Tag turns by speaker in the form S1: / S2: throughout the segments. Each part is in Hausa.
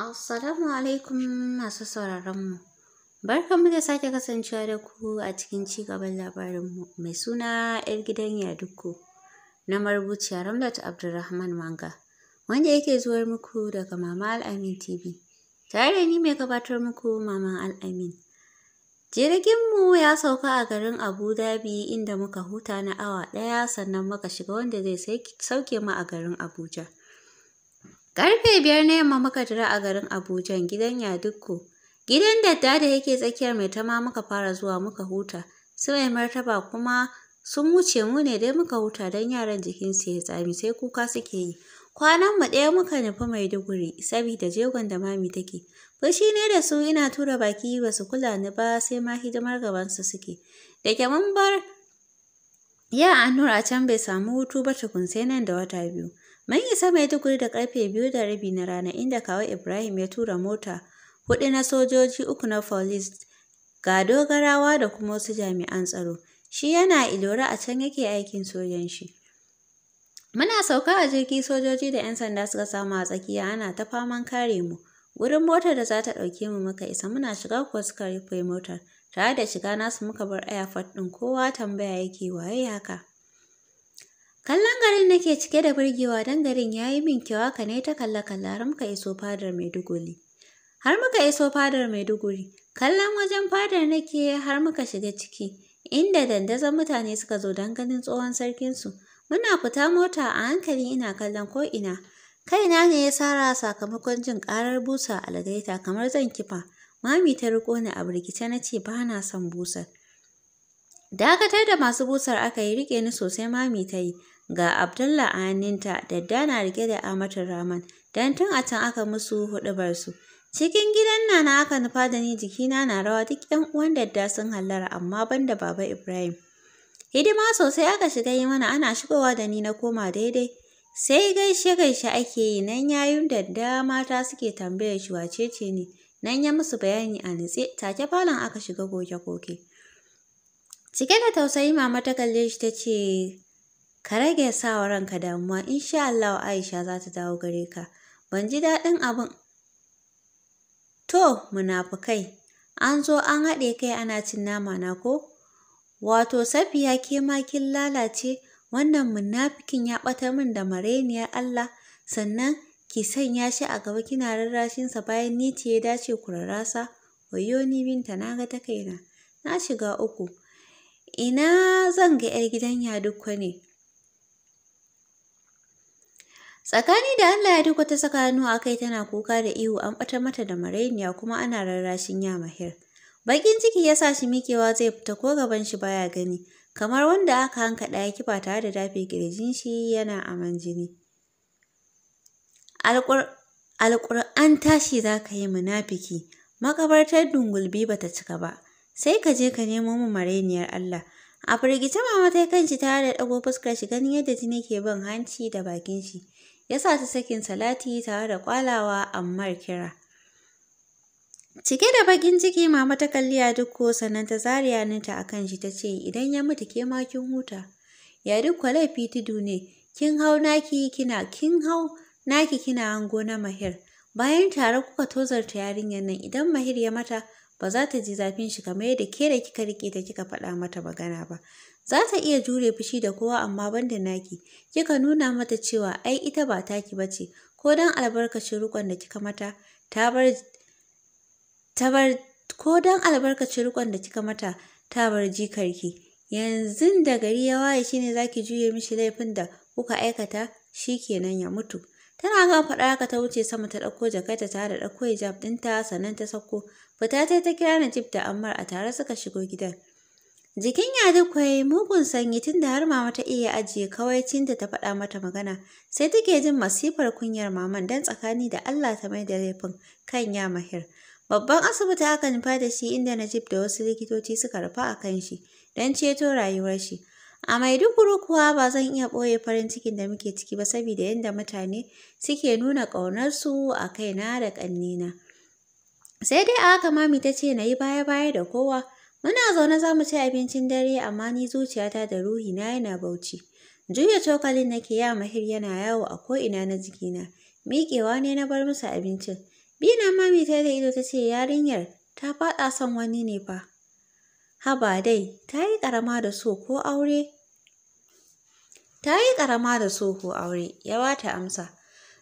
S1: Assalamu alaikum masu sauraronmu. Barkanmu da sake kasancewa da ku a cikin ci gaban labarinmu mai suna 'yar gidan Yaduko na marubuciya Ramlat Abdulrahman Manga wanda yake zuwar muku daga Mama Al'amin TV. Tare ni mai gabatar muku Mama Al'amin. Jirginmu ya sauka a garin Abu Dhabi inda muka huta na awa ɗaya sannan muka shiga wanda zai sauke mu a garin Abuja. Karfe biyar na yamma muka tura a garin Abuja gidan Yadukko. Gidan dadda da yake tsakiyar mai tama muka fara zuwa muka huta. Su mai martaba kuma sun wuce mu ne dai muka huta don yaran jikinsu ya tsami sai kuka suke yi. Kwanan mu ɗaya muka nufi mai Maiduguri saboda jegon da mami take. Fushi ne da su ina tura baki ba su kula ni ba sai ma hidimar su suke. Da ke mun bar ya Anur a can bai samu hutu ba tukun sai nan da wata biyu. Mun isa mai tukuri da karfe biyu da rabi na rana inda kawo Ibrahim ya tura mota huɗu na sojoji uku na folis ga dogarawa da kuma wasu jami'an tsaro. Shi yana Ilora a can yake aikin sojan shi. Muna sauka a jirgi sojoji da 'yan sanda suka samu a tsakiya ana ta faman kare mu. Wurin motar da za ta ɗauke mu muka isa muna shiga kuwa suka rufe motar. Tare da shiga nasu muka bar airport ɗin kowa tambaya yake waye haka. Kallon garin nake cike da burgewa don garin ya yi min kyawa ka ne ta kalla kalla har muka iso fadar Maiduguri. Har muka iso fadar Maiduguri, kallon wajen fadar nake har muka shiga ciki, inda dandazon mutane suka zo don ganin tsohon sarkinsu. Muna fita mota a hankali ina kallon ko ko'ina. Kaina ne ya sara sakamakon jin karar busa algaita kamar zan kifa. Mami ta riko ni a birgice na ce ba na son busar. Dakatar da masu busar aka yi riƙe ni sosai mami ta yi. ga Abdullah a da dadda na rike da Amatu Rahman dan tun a can aka musu hudubar su. Cikin gidan nan aka nufa da ni jikina na rawa duk 'yan uwan dadda sun hallara amma banda baba Ibrahim. Hidima sosai aka shiga yi mana ana shigowa da ni na koma daidai. Sai gaishe gaishe ake yi nan yayin dadda mata suke tambayar shi wacece ne. Nan ya musu bayani a nutse take falon aka shiga goge-goge. Cike da tausayi mama ta kalle shi ta ce Ka rage sawa ranka damuwa insha Allah Aisha za ta dawo gare ka. Ban ji daɗin abin. To munafukai, an zo an haɗe kai ana cin nama na ko? Wato Safiya ke ma kin lalace wannan munafikin ya ɓata min da mareniyar Allah sannan ki sanya shi a gaba kina rarrashinsa bayan ni ce ya dace ku rarrasa. Wayyo ni binta na ga ta kaina. Na shiga uku. Ina zan ga 'yar gidan Yadikko ne? Tsakani da Allah ya duka ta saka hannu a kai tana kuka da ihu an bata mata da marainiya kuma ana rarrashin ya mahir. Bakin ciki ya sa shi mikewa zai fita ko gaban shi baya gani, kamar wanda aka hankaɗa ya kifa tare da dafe kirjin shi yana aman jini. Alƙur'an tashi za ka yi munafiki, makabartar dungulbi ba ta cika ba, sai ka je ka nemo mu marainiyar Allah. A firgice mama ta shi tare da ɗago fuskar shi ganin yadda jini ke bin hanci da bakin shi. ya sa su sakin salati tare da kwalawa ammar kira. Cike da bakin ciki mama ta kalli a dukko sannan ta zariya, yaninta a kan shi ta ce idan ya mutu ke ma kin huta. Ya dukko laifi tudu ne, kin hau naki kina kin hau naki kina hango na mahir. Bayan tare kuka tozarta yarinyar nan idan mahir ya mata ba za ta ji zafin shi kamar yadda ke da kika rike ta kika faɗa mata magana ba. Za ta iya jure fushi da kowa amma ban da naki. Kika nuna mata cewa ai ita ba taki ba ce, ko dan albarkacin rikon da kika mata, ta bar ta bar ko dan albarkacin rukon da kika mata, ta bar jikarki. Yanzu da gari ya waye shine zaki juye mishi laifin da kuka aikata shikenan ya mutu. Tana ga faɗa haka ta wuce sama ta ɗauko jakarta ta da ɗauko hijab ta sannan ta sauko. Fita ta ta kira na da Ammar a tare suka shigo gidan. Jikin yadi kwaye mugun sanyi tunda har mama ta iya ajiye da ta faɗa mata magana, sai take jin masifar kunyar maman don tsakani da Allah ta mai da laifin kan ya mahir. Babban asibiti aka nufa da shi inda Najib da wasu likitoci suka rufa a kan shi don ceto rayuwar shi. A Maiduguri kuwa ba zan iya ɓoye farin cikin da muke ciki ba saboda yadda mutane suke nuna ƙaunarsu a kaina da ƙannina. Sai dai a haka mami ta ce na yi baya-baya da kowa. Muna zaune za mu ci abincin dare amma ni zuciyata da ruhina yana bauchi. Juya cokalin nake ya mahir yana yawo a ko'ina na jikina. Miƙewa ne na bar musu abincin. Bina mami ta da ido ta ce yarinyar ta faɗa son wani ne fa. Haba dai, ta yi ƙarama da so ko aure? Ta yi ƙarama da so ko aure, ya ba ta amsa.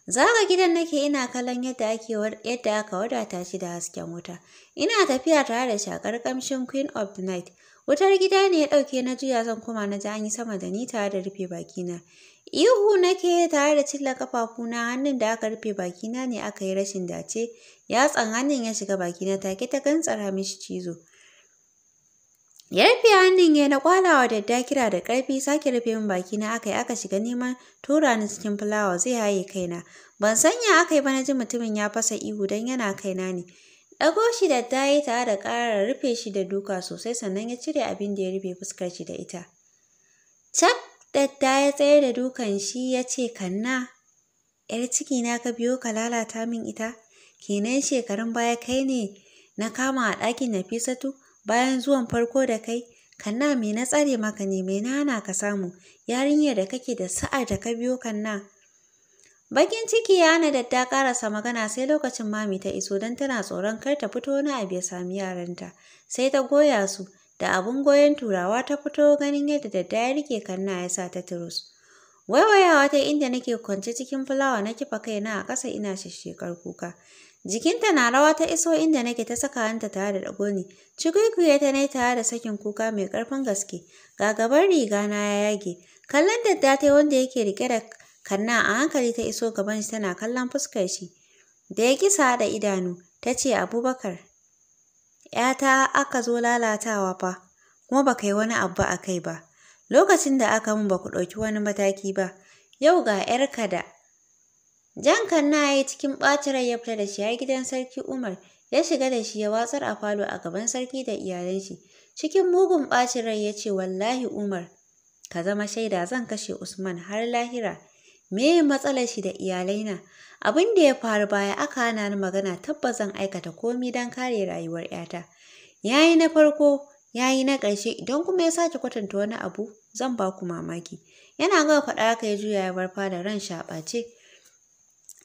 S1: Zaga gidan nake ina kallon yadda ake yadda aka wadata shi da hasken wuta. Ina tafiya tare da shakar kamshin Queen of the Night. Wutar gida ne ya ɗauke na juya zan kuma na ji an yi sama da ni tare da rufe bakina. Ihu nake tare da cilla kafafuna hannun da aka rufe bakina ne aka yi rashin dace. Yatsan hannun ya shiga bakina take ta gantsara mishi cizo. Ya rufe hannun ya na kwalawa dadda kira da karfi sake rufe min baki na aka yi aka shiga neman tura ni cikin fulawa zai haye kaina. Ban sanya aka yi ba na ji mutumin ya fasa ihu dan yana kaina ne. Ɗago shi dadda ya tare da ƙara rufe shi da duka sosai sannan ya cire abin da ya rufe fuskar shi da ita. Cak dadda ya tsaye da dukan shi ya ce kanna. ‘Yar ciki na ka biyo ka lalata min ita, kenan shekarun baya kai ne na kama a ɗakin Nafisatu. bayan zuwan farko da kai kanna me na tsare maka ne me na hana ka samu yarinyar da kake da sa'ar da ka biyo kanna bakin ciki ya hana dadda karasa magana sai lokacin mami ta iso don tana tsoron kar ta fito na abu ya sami yaranta sai ta goya su da abun goyon turawa ta fito ganin yadda dadda ya rike kanna ya sa ta turus waiwayawa ta inda nake kwance cikin fulawa na kifa kaina a ƙasa ina shishshekar kuka Jikinta na rawa ta iso inda nake ta saka hanta tare da dagoni ni. Cikuikuye ta ne tare da sakin kuka mai ƙarfin gaske. Ga gaban riga na ya yage. Kallon dadda ta wanda yake rike da kanna a hankali ta iso gaban shi tana kallon fuskar shi. Da ya kisa da idanu, ta ce Abubakar, ‘yata aka zo lalatawa fa, kuma ba kai wani abu a kai ba. Lokacin da aka mun ba ku ɗauki wani mataki ba, yau ga ‘yarka da Jan kanna ya yi cikin ɓacin rai ya fita da shi har gidan sarki Umar ya shiga da shi ya watsar a falo a gaban sarki da iyalan shi. Cikin mugun ɓacin rai ya ce wallahi Umar ka zama shaida zan kashe Usman har lahira. Me matsalar shi da iyalai na Abin da ya faru baya aka hana ni magana tabbas zan aikata komi don kare rayuwar 'yata. Yayi na farko, yayi na ƙarshe idan kuma ya sake kwatanta wani abu zan ba ku mamaki. Yana ga faɗa haka ya juya ya bar fada ran shaɓace.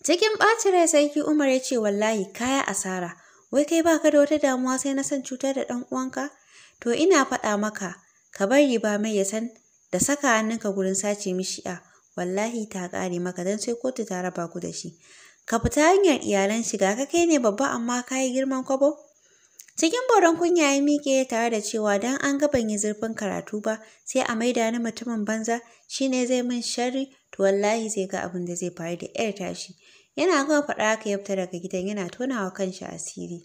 S1: Cikin ɓacin rai sarki Umar ya ce wallahi kaya asara, wai kai baka da wata damuwa sai na san cutar da ɗan uwanka? To ina faɗa maka, ka bari ba mai ya san da saka hannunka gurin sace mishi a, wallahi ta ƙare maka don sai kotu ta raba ku da shi. Ka fita hanyar iyalan shiga ka kai ne babba amma ka yi girman kwabo? Cikin boron kunya ya miƙe tare da cewa don an ga ban yi zurfin karatu ba sai a maida ni mutumin banza shine zai min sharri to wallahi zai ga abin da zai faru da yar tashi. Yana gama faɗa haka ya fita daga gidan yana tonawa kanshi asiri.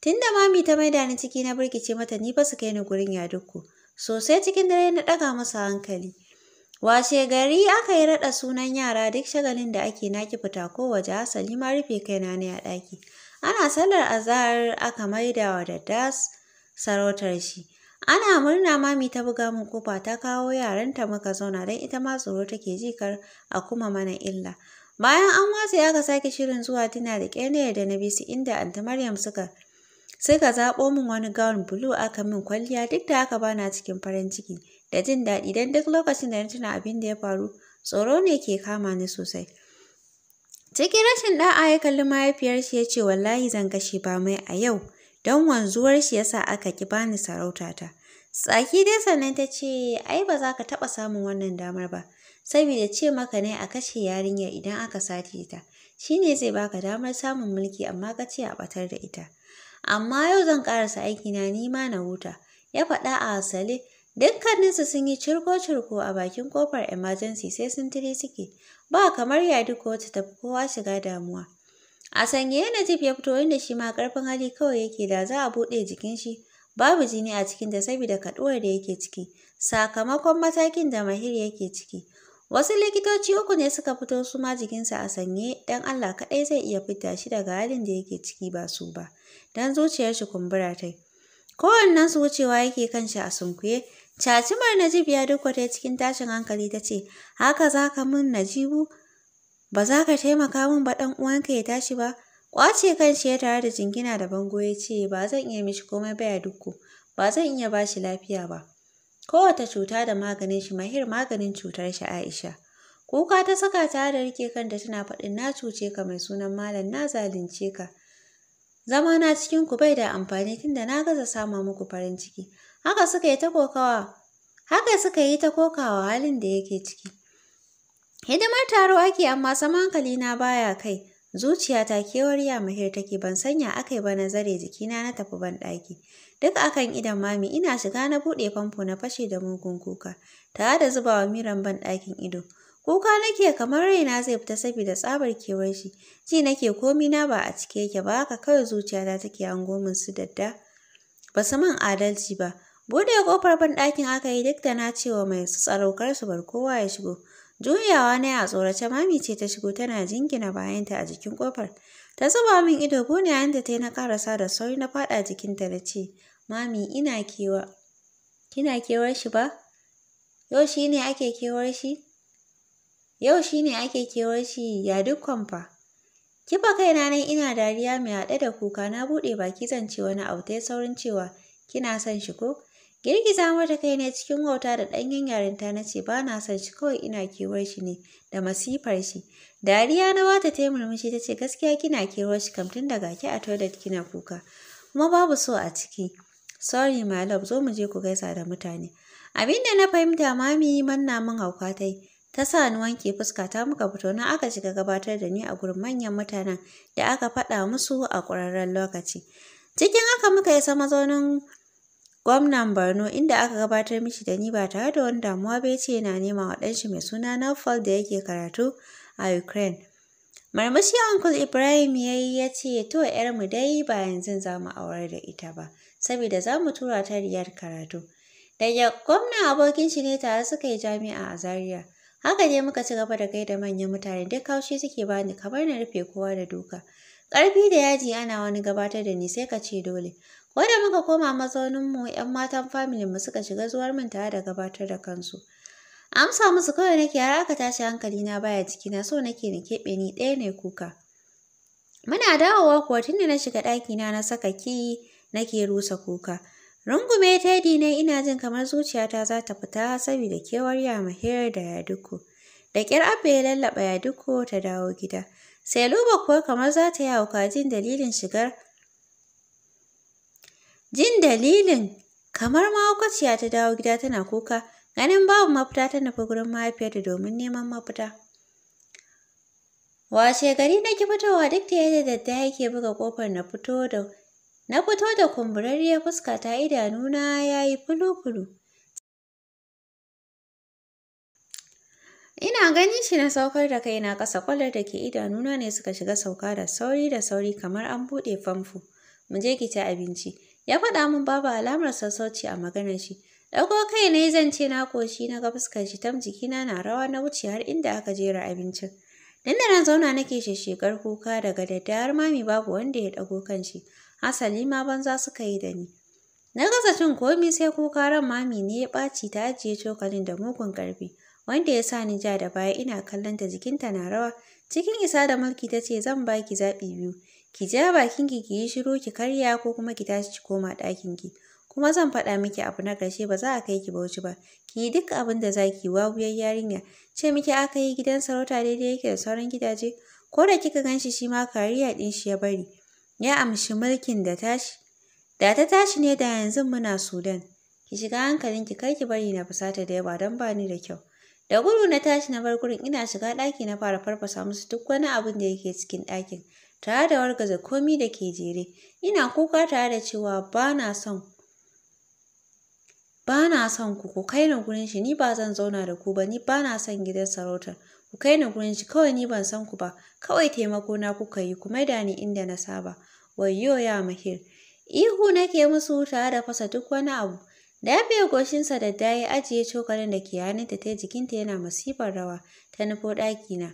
S1: Tun da mami ta maida ni ciki na birkice mata ni ba su kai ni gurin ya dukku. Sosai cikin dare na ɗaga masa hankali. Washe gari aka yi raɗa sunan yara duk shagalin da ake naki fita ko waje asali ma rufe kaina na a ɗaki. ana sallar azahar aka maida wa daddas sarautar shi ana murna mami ta buga mun kofa ta kawo yaranta muka zauna don ita ma tsoro take ji kar a kuma mana illa bayan an ya ka sake shirin zuwa tina da kene da na su, inda anti maryam suka suka zaɓo min wani gown blue aka min kwalliya duk da haka bana cikin farin ciki da jin daɗi don duk lokacin da na tuna abin da ya faru tsoro ne ke kama ni sosai Cikin rashin da'a ya kalli mahaifiyarshi ya ce wallahi zan kashe ba mai a yau don wanzuwar shi yasa aka ki bani sarautata. Tsaki dai sannan ta ce ai ba za ka taɓa samun wannan damar ba saboda ce maka ne a kashe yarinyar idan aka sace ta shi ne zai baka damar samun mulki amma ka ce a ɓatar da ita. Amma yau zan karasa aikina ni ma na huta ya faɗa a hasale Dukkaninsu sun yi cirko-cirko a bakin kofar emergency sai sun tire suke, ba kamar yadi ko wata tafi kowa shiga damuwa. A sanye Najib ya fito inda shi ma ƙarfin hali kawai yake da za a buɗe jikin shi babu jini a cikin da saboda kaɗuwar da yake ciki, sakamakon matakin da Mahir yake ciki. Wasu likitoci uku ne suka fito su ma jikinsa a sanye dan Allah kaɗai zai iya fita shi daga halin da yake ciki ba su ba, don zuciyar shi kumbura ta Kowannensu wucewa yake kan shi a sunkuye. Cacimar Najib ya dukkata cikin tashin hankali ta ce, Haka za ka min Najibu? Ba za ka taimaka min ba ɗan uwanka ya tashi ba? Ƙwace kan shi ya tare da jingina da bango ya ce, Ba zan iya mishi komai baya ya dukku, ba zan iya ba shi lafiya ba. Kowace cuta da maganin shi mahir maganin cutar shi Aisha. Kuka ta saka tare da rike kanta tana faɗin na cuce ka mai sunan malam na zalunce ka. Zamana cikin ku bai da amfani tunda na gaza sama muku farin ciki. Haka suka yi ta kokawa. Haka suka yi ta kokawa halin da yake ciki. Hidimar taro ake amma saman hankali na baya kai. Zuciyata kewar ya mahir take ban sanya akai ba na zare jikina na tafi ban ɗaki. Duk akan idan mami ina shiga na buɗe famfo na fashe da mugun kuka. Tare da zubawa miran ban ɗakin ido. Kuka nake kamar raina zai fita saboda tsabar kewar shi. Ji nake komi na ba a cike yake ba haka kawai zuciyata take hango min su dadda. Ba su man adalci ba. Bude kofar ban ɗakin aka yi duk da na cewa mai su tsaraukar su bar kowa ya shigo. Juyawa na a tsorace mami ce ta shigo tana jingina bayanta a jikin kofar. Ta zuba min ido ne yayin da ta yi na karasa da sauri na faɗa jikinta na ce, Mami ina kewa. Kina kewar shi ba? Yau shi ne ake kewar shi? Yau shi ne ake kewar shi ya dukkan fa. Kifa kaina nan ina dariya mai haɗe da kuka na buɗe baki zan ce wani abu ta saurin cewa kina son shi ko? Girgiza mata kai ne cikin wauta da ɗanyen yarinta na ce ba na son shi kawai ina kewar shi ne da masifar shi. Dariya na wata ta murmushi ta ce gaskiya kina kewar shi kam tun daga ki a toilet kina kuka. Kuma babu so a ciki. Sorry my love zo mu je ku gaisa da mutane. Abin da na fahimta mami manna min hauka ta yi. ta sa ni wanke fuska ta muka fito na aka shiga gabatar da ni a gurin manyan mutanen da aka faɗa musu a ƙwararren lokaci cikin haka muka yi sama mazaunin gwamnan borno inda aka gabatar mishi da ni ba tare da wani damuwa bai ce yana nema wa ɗanshi mai suna nafal da yake karatu a ukraine marmashi uncle ibrahim ya yi ya ce to mu dai ba yanzu za mu aurar da ita ba saboda za mu tura ta riyar karatu daga gwamna abokin shi ne tare suka yi jami'a a zaria Haka dai muka ci gaba da gaida manyan mutane duk haushi suke bani kamar na rufe kowa da duka. Ƙarfi da yaji ana wani gabatar da ni sai ka ce dole. Ko da muka koma mazauninmu 'yan matan mu suka shiga zuwar min tare da gabatar da kansu. Amsa musu kawai nake har aka tashi hankali na baya na, so nake ni keɓe ni ɗaya ne kuka. Muna dawowa kuwa tunda na shiga ɗakina na saka ki nake rusa kuka. Rungume Teddy ne ina jin kamar zuciyata za ta fita saboda kewar Yamahir da ya duku, Da ƙyar abu ya lallaɓa duku ta dawo gida. Sai Luba kuwa kamar za ta yawo jin dalilin shigar. Jin dalilin kamar mahaukaciya ta dawo gida tana kuka, ganin babu mafita ta nufi gurin da domin neman mafita. Washe gari na ki fitowa duk da yadda dadda yake buga kofar na fito da Na fito da kumburarriyar fuskata idanuna ya yi fulu-fulu. Ina ganin shi na saukar da kaina ƙasa kwalar da ke idanuna ne suka shiga sauka da sauri da sauri kamar an buɗe famfo. Mu je ki ci abinci. Ya faɗa min babu alamar sassauci a maganar shi. Ɗago kai ne zan ce na ƙoshi na ga fuskar shi tam jiki na rawa na wuce har inda aka jera abincin. Dan da na zauna nake shekar kuka daga daddare mami babu wanda ya ɗago kan shi. Asali ma banza suka yi da ni. Na kasa cin komi sai kuka ran mami ne ya ɓaci ta ajiye cokalin da mugun ƙarfi, wanda ya sa ni ja da baya ina kallon ta jikinta na rawa. Cikin isa da mulki ta ce zan ba ki zaɓi biyu, ki ja bakinki ki yi shiru ki karya ko kuma ki tashi ki koma ki Kuma zan faɗa miki abu na ƙarshe ba za a kai ki Bauchi ba, ki yi duk abin da za ki yi wawuyar yarinya. Ce miki aka yi gidan sarauta daidai yake da sauran gidaje, ko da kika ganshi shi ma kariya ɗin shi ya bari. ya amshi mulkin da tashi. Da ta tashi ne da yanzu muna Sudan. Ki shiga hankalin ki kar ki bari na fusata da yawa don bani da kyau. Da gudu na tashi na bar gurin ina shiga ɗaki na fara farfasa musu duk wani abin da yake cikin ɗakin. Tare da wargaza komi da ke jere. Ina kuka tare da cewa ba na son ba na son ku ku kai ni gurin shi ni ba zan zauna da ku ba ni ba na son gidan sarautar ku kai ni gurin shi kawai ni ban san ku ba kawai taimako na kuka yi ku maida ni inda na saba wayyo ya mahir ihu nake musu tare da fasa duk wani abu da ya biya goshinsa da daya ajiye cokalin da ke yanin ta jikin ta yana masifar rawa ta nufo na.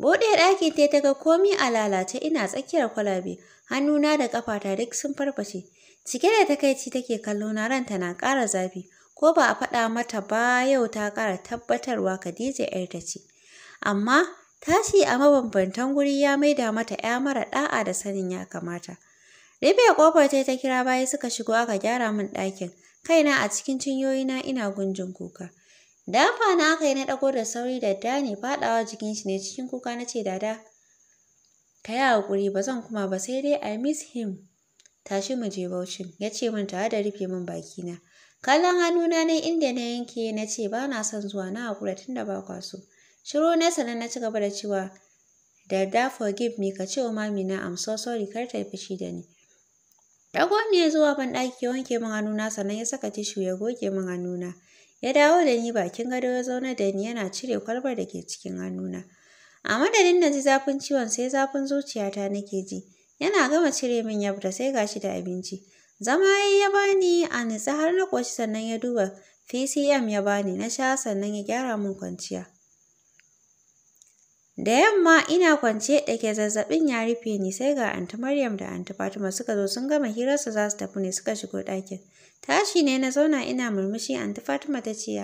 S1: buɗe ɗakin ta ta ga komi a lalace ina tsakiyar kwalabe hannuna da ƙafata duk sun farfashe Cike da takaici take kallo na ranta na ƙara zafi, ko ba a faɗa mata ba yau ta ƙara tabbatarwa Khadija ta ce. Amma tashi a mabambantan guri ya maida mata ‘ya mara ɗa'a da sanin ya kamata. Rufe kofar ta ta kira baya suka shigo aka gyara min ɗakin, kaina a cikin na ina gunjin kuka. Dafa na aka yi na ɗago da sauri da dani faɗawa jikin shi ne cikin kuka na ce dada. Ka yi haƙuri ba zan kuma ba sai dai I miss him. tashi mu je Bauchin ya ce min tare da rufe min bakina. Kallon hannuna na inda na yanke na ce ba na son zuwa na haƙura tun da ba kwaso. so. Shiro na sanar na ci gaba da cewa da da forgive me ka ce wa mami na am so sorry kar ta fushi da ni. Dago ne zuwa ban ɗaki ya wanke min hannuna sannan ya saka tishu ya goge min hannuna. Ya dawo da ni bakin gado ya zauna da ni yana cire kwalbar da ke cikin hannuna. A madadin na ji zafin ciwon sai zafin zuciyata nake ji. Yana gama cire min yabda sai gashi da abinci. Zama ya ya bani a nitsa har na ƙoshi sannan ya duba PCM ya bani na sha sannan ya gyara min kwanciya. Da yamma ina kwance da ke zazzaɓin ya rufe ni sai ga Anti Maryam da Anti Fatima suka zo sun gama hirarsa za su tafi ne suka shigo ɗakin. Tashi ne na zauna ina murmushi Anti Fatima ta ce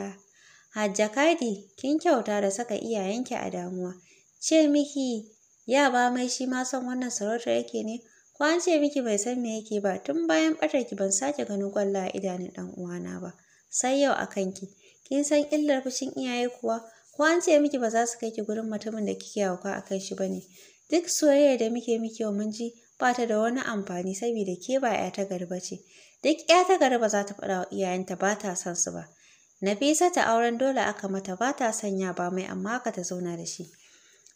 S1: Hajja Kadi kin kyauta da saka iyayenki a damuwa. Ce miki Ya ba mai shi ma son wannan sarautar yake ne, ko an ce miki bai san me yake ba tun bayan ɓatar ki ban sake ganin kwalla a idanun ɗan uwana ba. Sai yau a kanki, kin san illar fushin iyaye kuwa, ko an ce miki ba za su kai ki gurin mutumin da kike hauka a kan shi ba ne. Duk soyayya da muke miki mun ji ba ta da wani amfani saboda ke ba ya ta gari ce. Duk ya ta gari ba za ta faɗa wa iyayenta ba ta son su ba. Nafisa ta auren dole aka mata ba ta sanya ba mai amma ka ta zauna da shi.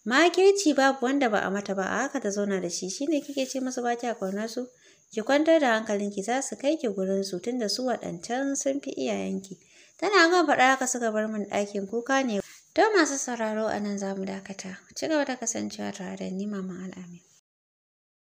S1: Makirci babu wanda ba a mata ba a haka ta zauna da shi shine kike ce musu baki a kaunar su. Ki kwantar da hankalinki za su kai ki gurin su tunda su waɗancan sun fi iyayenki. Tana gan faɗa haka suka bar min ɗakin kuka ne. to masu sauraro a nan za mu dakata. Ci gaba da kasancewa tare da ni mama Al'amin.